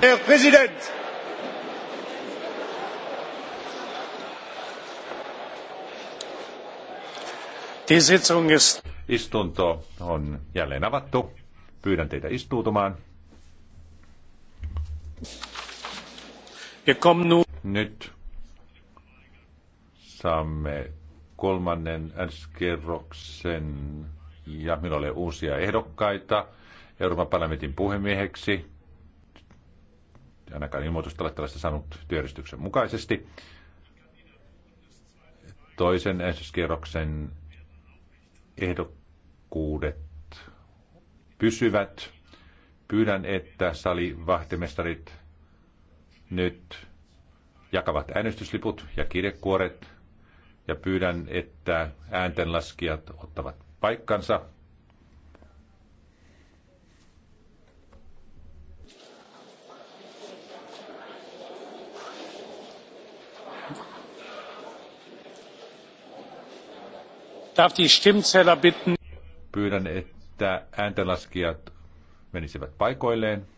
Herr Präsident! Die Sitzung ist... Istunto on jälleen avattu. Pyydän teitä istuutumaan. Nyt saamme kolmannen äskerroksen ja minulla oli uusia ehdokkaita Euroopan parlamentin puhemieheksi ainakaan ilmoitusta ole tällaista saanut työjärjestyksen mukaisesti. Toisen ensiskierroksen ehdokkuudet pysyvät. Pyydän, että salivahtimestarit nyt jakavat äänestysliput ja kirjekuoret ja pyydän, että ääntenlaskijat ottavat paikkansa. Pyydän, että ääntenlaskijat menisivät paikoilleen.